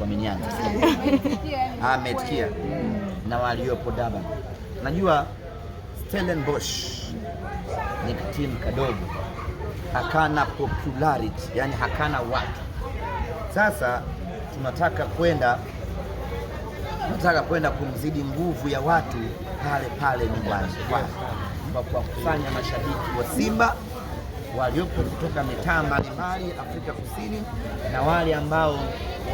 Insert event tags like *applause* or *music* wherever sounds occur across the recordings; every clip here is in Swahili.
watu wamenianza *laughs* Ahmed Kia na waliopo Durban. Najua Stellenbosch ni timu kadogo, hakana popularity, yani hakana watu. Sasa tunataka kwenda tunataka kwenda kumzidi nguvu ya watu pale pale nyumbani kwa kwa kufanya mashabiki wa Simba waliopo kutoka mitaa mbalimbali Afrika Kusini na wale ambao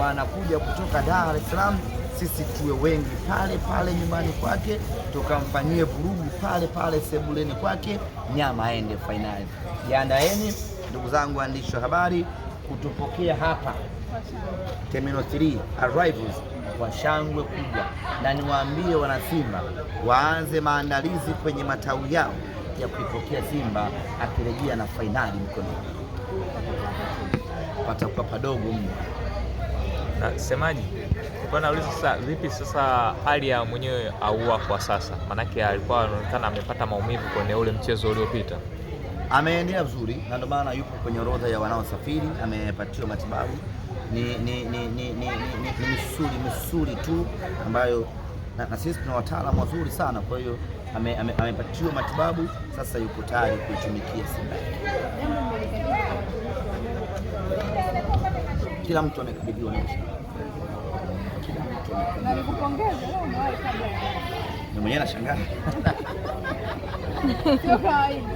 wanakuja kutoka Dar es Salaam, sisi tuwe wengi pale pale nyumbani kwake, tukamfanyie vurugu pale pale sebuleni kwake, nyama aende fainali. Jiandaeni ndugu zangu waandishi wa habari kutupokea hapa Terminal 3 arrivals kwa shangwe kubwa, na niwaambie wanasimba waanze maandalizi kwenye matawi yao ya kuipokea Simba akirejea na fainali mkononi, patakuwa padogo mno. Semaji nauliza sasa, vipi sasa hali ya mwenyewe aua kwa sasa? Maanake alikuwa anaonekana amepata maumivu kwenye ule mchezo uliopita. Ameendelea vizuri na ndio maana yupo kwenye orodha ya wanaosafiri, amepatiwa matibabu. Ni misuli misuli tu ambayo na, na sisi tuna wataalamu wazuri sana, kwa hiyo amepatiwa ame, matibabu sasa, yuko tayari kuitumikia Simba. Kila mtu amekabidhiwa nashi, na mwenyewe anashangaa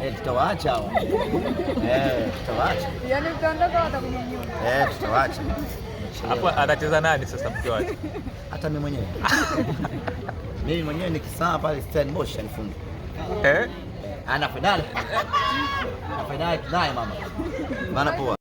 eh, tutawaacha *laughs* eh, tutawaacha, yaani eh, tutawaacha hapo atacheza nani sasa mke wake? *laughs* Hata mimi mwenyewe. *laughs* Mimi mwenyewe nikisaa pale Stellenbosch anifunge. Eh? Ana fainali. Ana fainali tunaye mama. Maana poa.